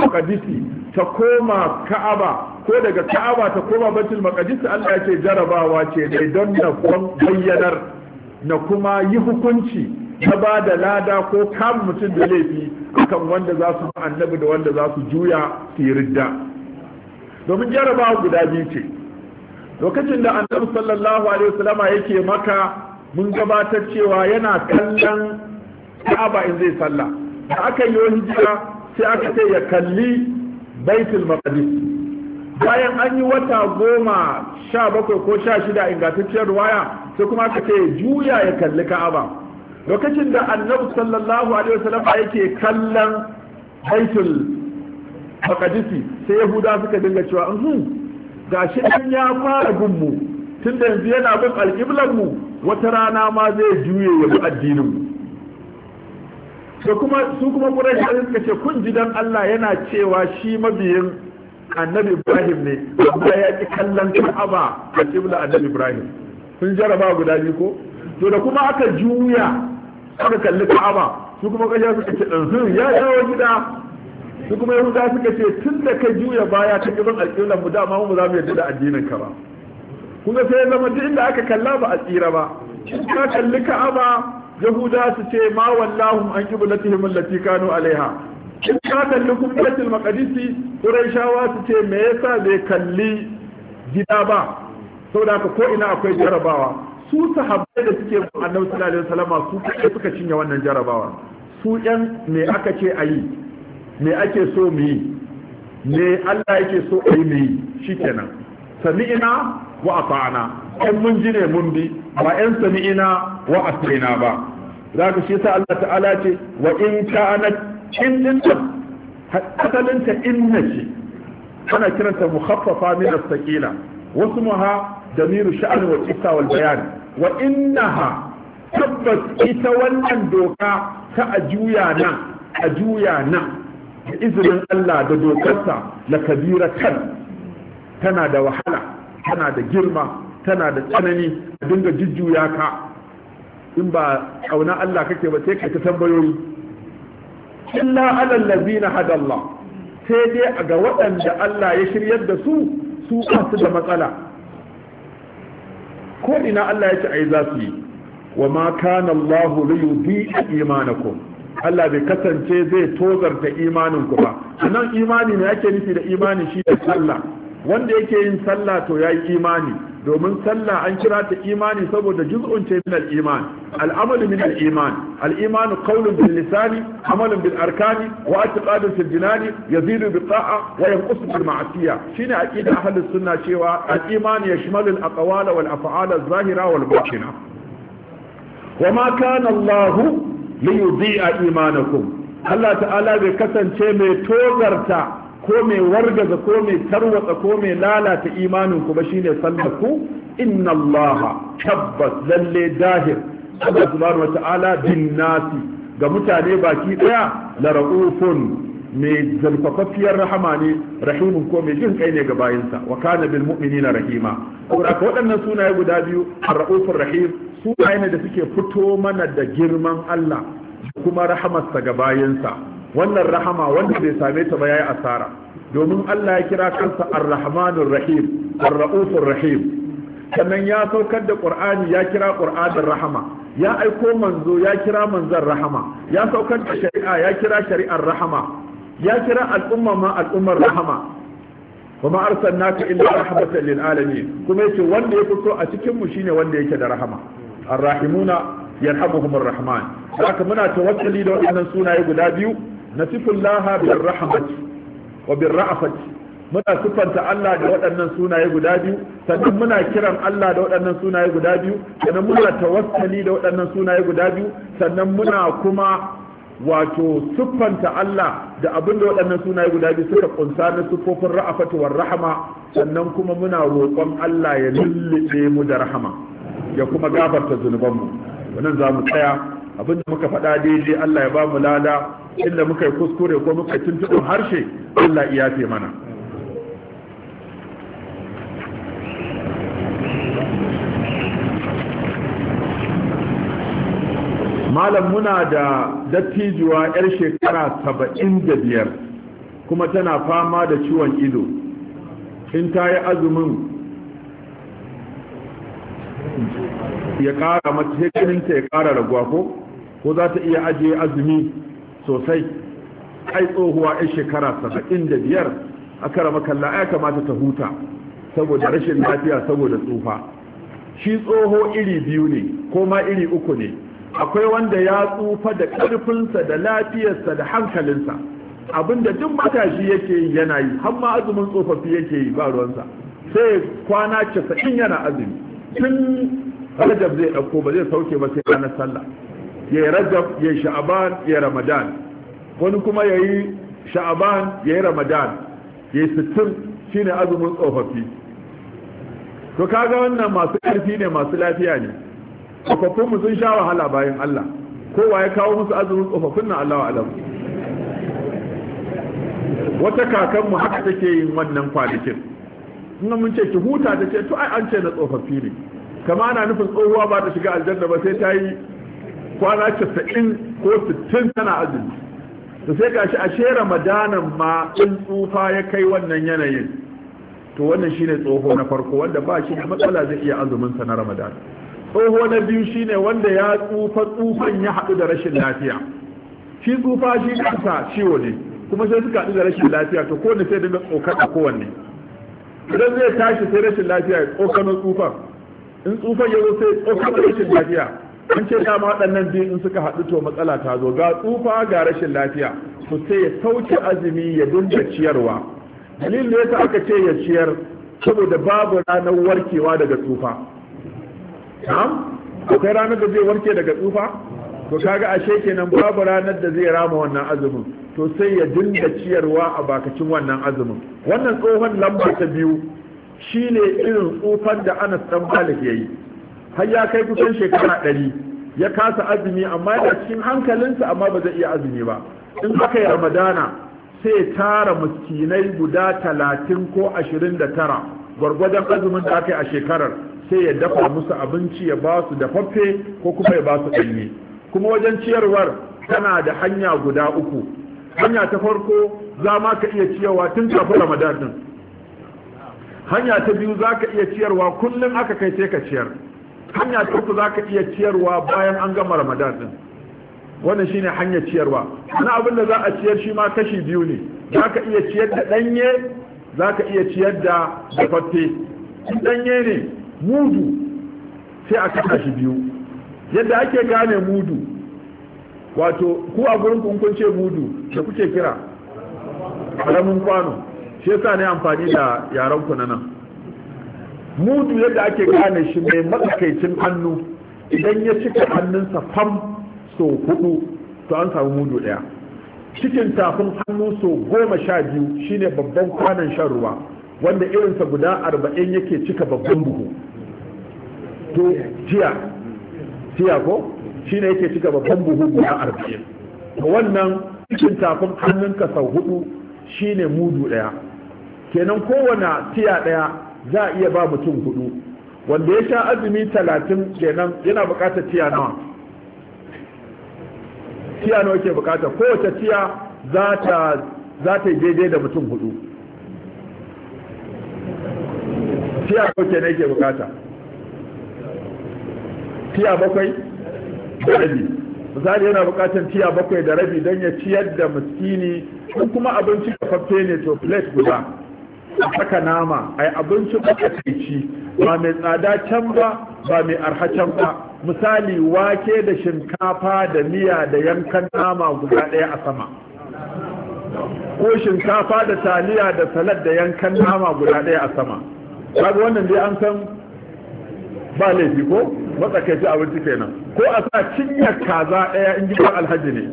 ta koma ka'aba ko daga ka'aba ta koma baitul Allah ya ce jarabawa ce dai don na bayyanar na kuma yi hukunci ta ba da lada ko kam mutum da laifi akan wanda za su annabi da wanda za su juya su yi ridda domin jarabawa guda biyu ce lokacin da annabi sallallahu alaihi wasallama yake maka mun gabatar cewa yana kallon ka'aba in zai sallah da aka yi hijira sai aka ce ya kalli baitul maqdis bayan an yi wata goma sha bakwai ko sha shida ingantacciyar waya sai kuma aka ce juya ya kalli ka'aba lokacin da annabi sallallahu alaihi wasallam yake kallon haitul makadisi sai yahuda suka dinga cewa in gashi dan ya fara gunmu tun da yanzu yana bin alƙiblan mu wata rana ma zai juye ya bi addinin mu so kuma su kuma quraish suka ce kun ji dan Allah yana cewa shi mabiyin annabi Ibrahim ne amma ya ki kallon Ka'aba a kibla annabi Ibrahim sun jaraba guda biyu ko to da kuma aka juya aka kalli ka'aba su kuma kashe suka ce ɗansu ya dawo gida su kuma za suka ce tun da ka juya baya ta gidan alƙiblar mu dama mu za mu yarda da addinin ka ba kuma sai ya zama duk inda aka kalla ba a tsira ba in ka kalli ka'aba yahuda su ce ma wallahum an qiblatihim allati kanu alaiha in ka kalli kuma maƙadisi, maqdisi quraishawa su ce me yasa bai kalli gida ba saboda ko ina akwai jarabawa su sahabbai da suke bin annabi sallallahu alaihi wasallam su kai suka cinye wannan jarabawa su yan me aka ce ayi me ake so mu yi me Allah yake so a yi mu yi shikenan sami'ina wa ata'ana kan mun ji ne mun bi ba yan sami'ina wa atina ba zaka shi sa Allah ta'ala ce wa in kanat in din asalin ta inna ce ana kiranta mukhaffafa min as-saqila wasu muha damiru sha'an wa qissa bayan wa innaha tabbas ita wannan doka ta a juya na. a juya nan da izinin Allah da dokarsa la kabira kan tana da wahala tana da girma tana da tsanani a dinga jujjuya ka in ba kauna Allah kake ba sai ka ta tambayoyi illa alal ladina hadallah sai dai ga waɗanda Allah ya shiryar da su su kansu da matsala ko ina Allah ya ce yi za su yi wa ma kana Allah li yudhi'a imanakum Allah bai kasance zai tozarta imanin ku ba nan imani ne yake nufi da imani shi da sallah wanda yake yin sallah to yayi imani domin sallah an kira ta imani saboda juz'un ce min al-iman al-amalu min al-iman al-iman qawlun bil lisani amalun bil arkani wa i'tiqadun fil jinani yazidu bi ta'a wa yanqusu bil ma'siyah shine aqida ahlus sunna cewa al-iman yashmalu al-aqwala wal af'ala az-zahira wal batina wa ma kana Allah li yudhi'a imanakum Allah ta'ala bai kasance mai togarta ko mai wargaza ko mai tarwatsa ko mai lalata imanin ku ba shine sallar ku inna Allah tabbas lalle dahir Allah subhanahu ta'ala, bin nasi ga mutane baki daya la raufun mai zalfafafiyar rahama ne rahimun ko mai jin kai ne ga bayinsa wa kana bil mu'minina rahima saboda waɗannan sunaye guda biyu ar-raufur rahim sunaye ne da suke fito mana da girman Allah kuma rahamarsa ga bayinsa wannan rahama wanda bai same ta ba yayi asara domin Allah ya kira kansa ar-rahmanur rahim ar-raufur rahim sannan ya saukar da qur'ani ya kira qur'anin rahama ya aiko manzo ya kira manzon rahama ya saukar da shari'a ya kira shari'ar rahama ya kira al'umma ma al'ummar rahama kuma arsalnaka illa rahmatan lil alamin kuma yace wanda ya fito a cikin mu shine wanda yake da rahama arrahimuna yarhamuhumur rahman haka muna tawakkali da wannan sunaye guda biyu nasifullaha bir rahmati wa bin ra'afati muna sufanta Allah da waɗannan sunaye guda biyu sannan muna kiran Allah da waɗannan sunaye guda biyu sannan muna tawassali da waɗannan sunaye guda biyu sannan muna kuma wato siffanta Allah da abin da waɗannan sunaye guda biyu suka kunsa na siffofin ra'afatu war rahama sannan kuma muna roƙon Allah ya lullube mu da rahama ya kuma gafarta zunubanmu wannan za mu tsaya abin da muka faɗa daidai Allah ya ba mu lada inda muka yi kuskure ko muka tuntuɗin harshe Allah ya yafe mana malam muna da dattijuwa 'yar shekara saba'in da biyar kuma tana fama da ciwon ido in ta yi azumin ya ƙara mata ya ƙara raguwa ko? ko za ta iya ajiye azumi sosai ai tsohuwa ai shekara saba'in da biyar a kara makalla ya kamata ta huta saboda rashin lafiya saboda tsufa shi tsoho iri biyu ne ko ma iri uku ne akwai wanda ya tsufa da ƙarfinsa da lafiyarsa da hankalinsa abinda duk matashi yake yi yana yi har ma azumin tsofaffi yake yi ba ruwansa sai kwana casa'in yana azumi tun rajab zai ɗauko ba zai sauke ba sai ranar sallah ya yi rajab ya yi sha'aban ya ramadan wani kuma ya yi sha'aban ya yi ramadan ya yi sittin shi ne azumin tsofaffi to kaga wannan masu ƙarfi ne masu lafiya ne tsofaffin mu sun sha wahala bayan Allah kowa ya kawo musu azumin tsofaffin na Allah alam wata kakan mu haka take yin wannan kwanakin in mun ce ki huta ta ce to ai an ce na tsofaffi ne kama ana nufin tsohuwa ba ta shiga aljanna ba sai ta yi kwana 90 ko 60 tana azumi to sai gashi a she ramadanan ma in tsufa ya kai wannan yanayin to wannan shine tsoho na farko wanda ba shi da matsala zai iya azumin sa na ramadan tsoho na biyu shine wanda ya tsufa tsufan ya haɗu da rashin lafiya shi tsufa shi kansa ciwo ne kuma sai suka haɗu da rashin lafiya to kowanne sai dinga da kowanne idan zai tashi sai rashin lafiya ya tsokano tsufan in tsufan ya zo sai tsokano rashin lafiya an ce dama waɗannan biyu in suka haɗu to matsala ta zo ga tsufa ga rashin lafiya to sai ya sauke azumi ya dinga ciyarwa dalilin da yasa aka ce ya ciyar saboda babu ranar warkewa daga tsufa na'am akwai ranar da zai warke daga tsufa to kaga ashe kenan babu ranar da zai rama wannan azumin to sai ya dinga ciyarwa a bakacin wannan azumin wannan tsohon lamba ta biyu shine irin tsufan da Anas dan Malik yayi har ya kai kusan shekara ɗari ya kasa azumi amma yana cikin hankalinsa amma ba zai iya azumi ba in aka yi ramadana sai tara muskinai guda talatin ko ashirin da tara gwargwadon azumin da aka yi a shekarar sai ya dafa musu abinci ya ba su dafaffe ko kuma ya ba su ɗanye kuma wajen ciyarwar tana da hanya guda uku hanya ta farko za ma ka iya ciyarwa tun kafin ramadan din hanya ta biyu za ka iya ciyarwa kullum aka kai sai ka ciyar hanya ta uku za ka iya ciyarwa bayan an gama ramadan din wannan shine hanyar ciyarwa wani abin da za a ciyar shi ma kashi biyu ne za ka iya ciyar da ɗanye za ka iya ciyar da dafaffe ɗanye ne mudu sai a kasa shi biyu yadda ake gane mudu wato ku a gurin kun ce mudu da kuke kira ƙaramin kwano shi yasa ne amfani da yaran ku na nan mudu yadda ake gane shi mai matsakaicin hannu idan ya cika hannunsa fam so hudu to an samu mudu daya cikin tafin hannu so goma sha biyu shine babban kwanan shan ruwa wanda irinsa guda arba'in yake cika babban buhu to jiya jiya ko shine yake cika babban buhu guda arba'in to wannan cikin tafin hannunka sau hudu shine mudu daya kenan kowane tiya daya za a iya ba mutum hudu wanda ya sha azumi talatin kenan yana bukatar tiya nawa tiya nawa ke bukata kowace tiya za ta yi daidai da mutum hudu tiya nawa kenan ke bukata tiya bakwai da rabi misali yana bukatar tiya bakwai da rabi don ya ciyar da miskini kuma abinci da fafe ne to plate guda a saka nama ai abinci ci ba mai tsada can ba ba mai arha can ba misali wake da shinkafa da miya da yankan nama guda ɗaya a sama ko shinkafa da taliya da salad da yankan nama guda ɗaya a sama kaga wannan dai an san ba laifi ko matsakaici abinci kenan ko a sa cinya kaza ɗaya in ji alhaji ne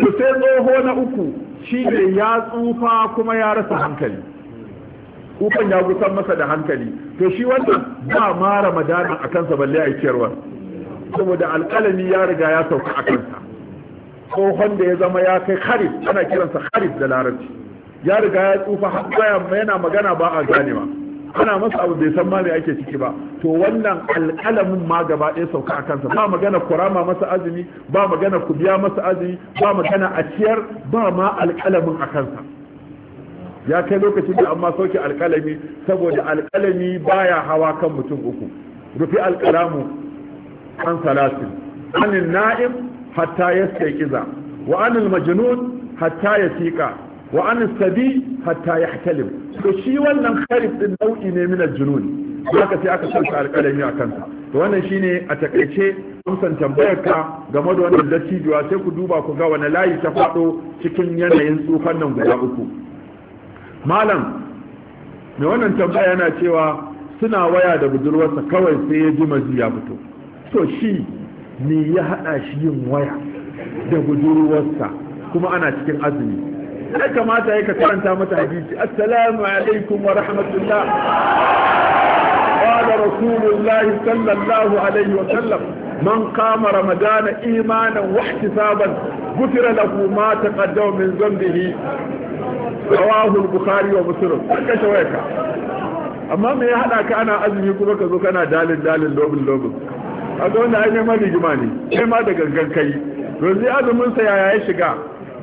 to sai tsoho na uku shi ne ya tsufa kuma ya rasa hankali tsufan ya gusan masa da hankali to shi wannan ba ma ramadana a kansa balle a ciyarwa saboda alƙalami ya riga ya sauka a kansa tsohon da ya zama ya kai kharif ana kiransa kharif da larabci ya riga ya tsufa yana magana ba a ganewa ana masa abu bai san ma me ake ciki ba to wannan alƙalamin ma gaba ɗaya sauka a kansa ba magana kurama masa azumi ba magana kubiya masa azumi ba magana a ciyar ba ma alƙalamin a kansa ya kai lokacin da amma sauke alƙalami saboda alƙalami baya hawa kan mutum uku rufi alƙalamu an salasin anin na'im hatta yastaiqiza wa anil majnun hatta ya wa wa'anin sabi hatta yahtalim to shi wannan kharif din nau'i ne min al-junun haka sai aka sanya alƙalami a kansa to wannan shine a takaice amsan tambayar ka game da wannan dattijuwa sai ku duba ku ga wani layi ta faɗo cikin yanayin tsufan nan guda uku malam mai wannan tambaya yana cewa suna waya da budurwarsa kawai sai ya ji mazi ya fito to shi ne ya haɗa shi yin waya da budurwarsa kuma ana cikin azumi ya kamata ya ka karanta mata hadisi assalamu alaikum wa rahmatullah qala rasulullah sallallahu alaihi wa sallam man qama ramadana imanan wa ihtisaban ghufira lahu ma taqaddama min dhanbihi rawahu al-bukhari wa muslim kanka shawaya amma me ya hada ka ana azumi kuma ka zo kana dalil dalil lobin lobin a ga wanda ai neman rigima ne kai ma da gangan kai yanzu azumin sa yaya ya shiga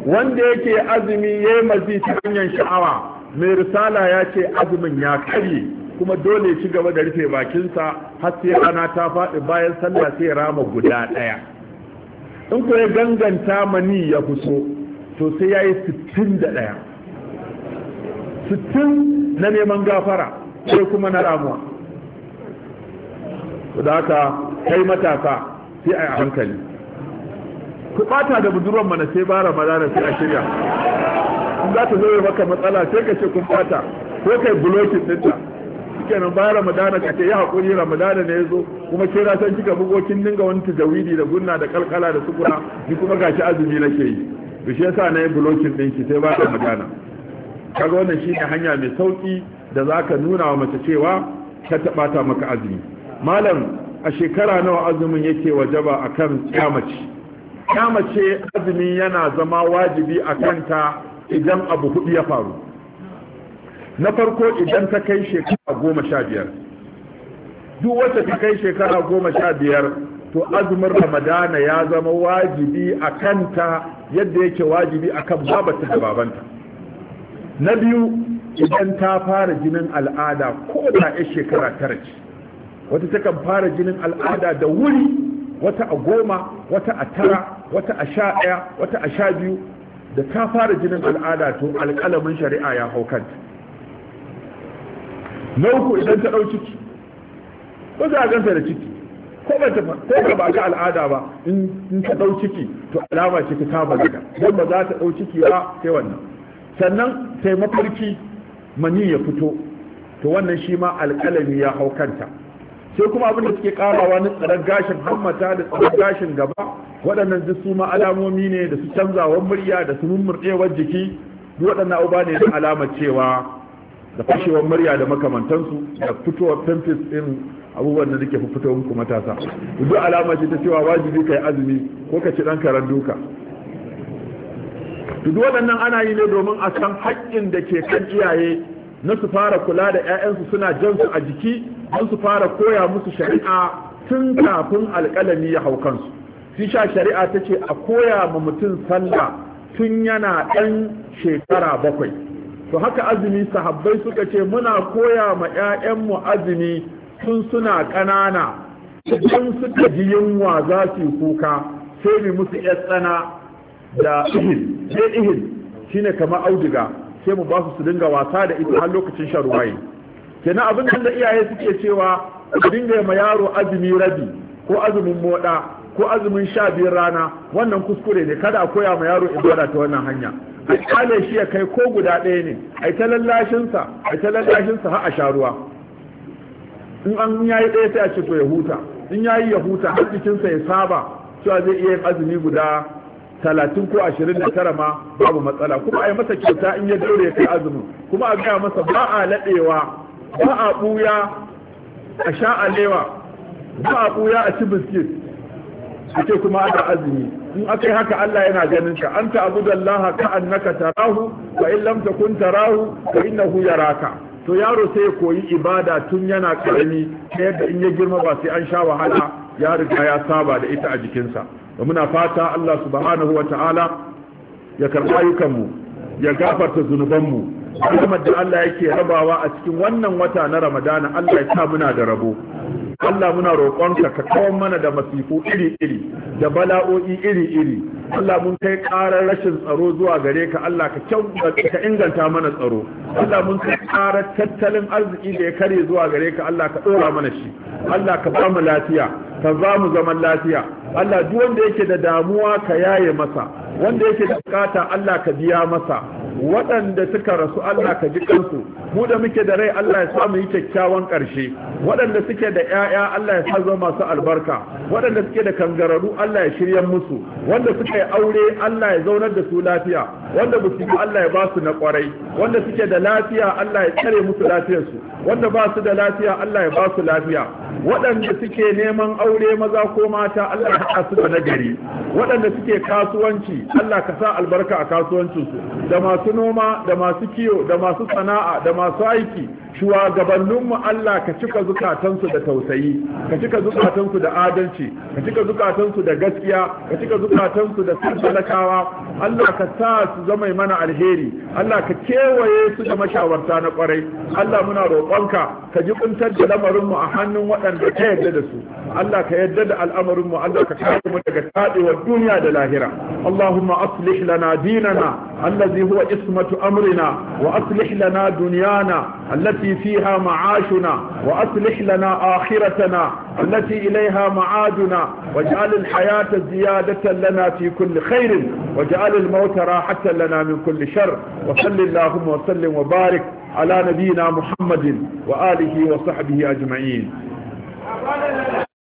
wanda yake azumi ya yi mazi ta hanyar sha'awa mai risala ya ce azumin ya karye kuma dole ci gaba da rufe bakinsa har sai rana ta faɗi bayan sallah sai rama guda ɗaya in ko ya ganganta mani ya fuso to sai ya yi sittin da ɗaya sittin na neman gafara sai kuma na ramuwa da haka kai matasa sai a yi hankali ku bata da budurwan mana sai bara madana sai a shirya in za ta zo maka matsala sai ka ce kun bata ko kai dinta ɗinta kenan bayan ramadana ka ce ya haƙuri ramadana ne ya zo kuma ke na san kika bugo kin dinga wani tajawidi da gunna da kalkala da sukura ni kuma gashi azumi nake yi to shi yasa na yi blocking din ki sai ba ramadana kaga wannan shi ne hanya mai sauki da zaka nuna wa mace cewa ka ta maka azumi malam a shekara nawa azumin yake wajaba akan kyamaci ya mace azumi yana zama wajibi a kanta idan abu hudu ya faru na farko idan ta kai shekara goma sha biyar duk wacce ta kai shekara goma sha biyar to azumin ramadana ya zama wajibi a kanta yadda yake wajibi a kan babata da babanta na biyu idan ta fara jinin al'ada ko da ya shekara tara ce wata takan fara jinin al'ada da wuri wata a goma wata a tara wata a sha ɗaya wata a sha biyu da ta fara jinin al'ada to alƙalamin shari'a ya hau kanta na uku idan ta ɗau ciki ko za a ganta da ciki ko ba ta ko ba ga al'ada ba in ta ɗau ciki to alama ce ta balaga dan ba za ta ɗau ciki ba sai wannan sannan sai mafarki mani ya fito to wannan shi ma alƙalami ya hau kanta sai kuma abin da suke karawa na tsarar gashin hammata da tsarar gashin gaba waɗannan duk su ma alamomi ne da su canzawar murya da su mummurɗewar jiki waɗannan uba ne da alamar cewa da fashewar murya da makamantansu da fitowar pimpis ɗin abubuwan da suke fito muku matasa duk alama ce ta cewa wajibi kai azumi ko ka ci ɗan karen duka duk waɗannan ana yi ne domin a san haƙƙin da ke kan iyaye na su fara kula da 'ya'yansu suna jan su a jiki don su fara koya musu shari'a tun kafin alƙalami ya hau kansu shi sha shari'a ta ce a koya ma mutum sallah tun yana ɗan shekara bakwai to haka azumi sahabbai suka ce muna koya ma 'ya'yanmu azumi tun suna ƙanana idan suka ji yunwa za su yi kuka sai mu musu 'yar tsana da ihil ihil shine kamar auduga sai mu ba su su dinga wasa da ita har lokacin shan ruwaye kenan abin da iyaye suke cewa ku dinga ma yaro azumi rabi ko azumin moda ko azumin sha biyar rana wannan kuskure ne kada a koya ma yaro ibada ta wannan hanya a kyale shi ya kai ko guda ɗaya ne a ta sa a ta sa har a sha ruwa in an yayi ɗaya sai a ce to ya huta in yayi ya huta har jikinsa ya saba cewa zai iya yin azumi guda talatin ko ashirin da tara ma babu matsala kuma a yi masa kyauta in ya daure ya kai azumin kuma a gaya masa ba a laɗewa ba a ɓuya a sha alewa ba a ɓuya a ci biskit a ce kuma ana azumi in aka yi haka Allah yana ganin ka an ta abu dallaha ka annaka tarahu ba in ta rahu tarahu fa innahu yaraka to yaro sai ya koyi ibada tun yana karami ta yadda in ya girma ba sai an sha wahala ya riga ya saba da ita a jikinsa da muna fata Allah subhanahu wa ta'ala ya karɓi ayyukanmu ya gafarta zunubanmu rahmat da Allah yake rabawa a cikin wannan wata na Ramadana Allah ya sa muna da rabo Allah muna roƙonka ka kawo mana da masifu iri-iri da bala'o'i iri-iri Allah mun kai ƙarar rashin tsaro zuwa gare ka Allah ka ka inganta mana tsaro Allah mun kai ƙarar tattalin arziki da ya kare zuwa gare ka Allah ka ɗora mana shi Allah ka ba mu lafiya ka za mu zaman lafiya Allah duk wanda yake da damuwa ka yaye masa wanda yake da bukata Allah ka biya masa waɗanda suka rasu Allah ka ji kansu mu da muke da rai Allah ya sa yi kyakkyawan ƙarshe waɗanda suke da ƴaƴa Allah ya sa zama masu albarka waɗanda suke da kangararu Allah ya shirya musu wanda suka yi aure Allah ya zaunar da su lafiya wanda ba su Allah ya ba su na ƙwarai wanda suke da lafiya Allah ya tsare musu lafiyarsu wanda ba su da lafiya Allah ya ba su lafiya waɗanda suke neman aure maza ko mata Allah ya haɗa su da nagari waɗanda suke kasuwanci Allah ka sa albarka a kasuwancinsu da masu noma da masu kiyo da masu sana'a da masu aiki shugabanninmu Allah ka cika zukatansu da tausayi ka cika zukatansu da adalci ka cika zukatansu da gaskiya ka cika zukatansu da sun talakawa Allah ka sa su zama mana alheri Allah ka kewaye su da mashawarta na kwarai Allah muna roƙonka ka ji kuntar da lamarinmu a hannun waɗanda ka yarda da su Allah ka yarda da al'amarinmu Allah ka kare mu daga taɗewar duniya da lahira Allahumma aslih lana dinana allazi huwa ismatu amrina wa aslih lana dunyana allati التي فيها معاشنا وأصلح لنا آخرتنا التي إليها معادنا واجعل الحياة زيادة لنا في كل خير واجعل الموت راحة لنا من كل شر وصل اللهم وسلم وبارك على نبينا محمد وآله وصحبه أجمعين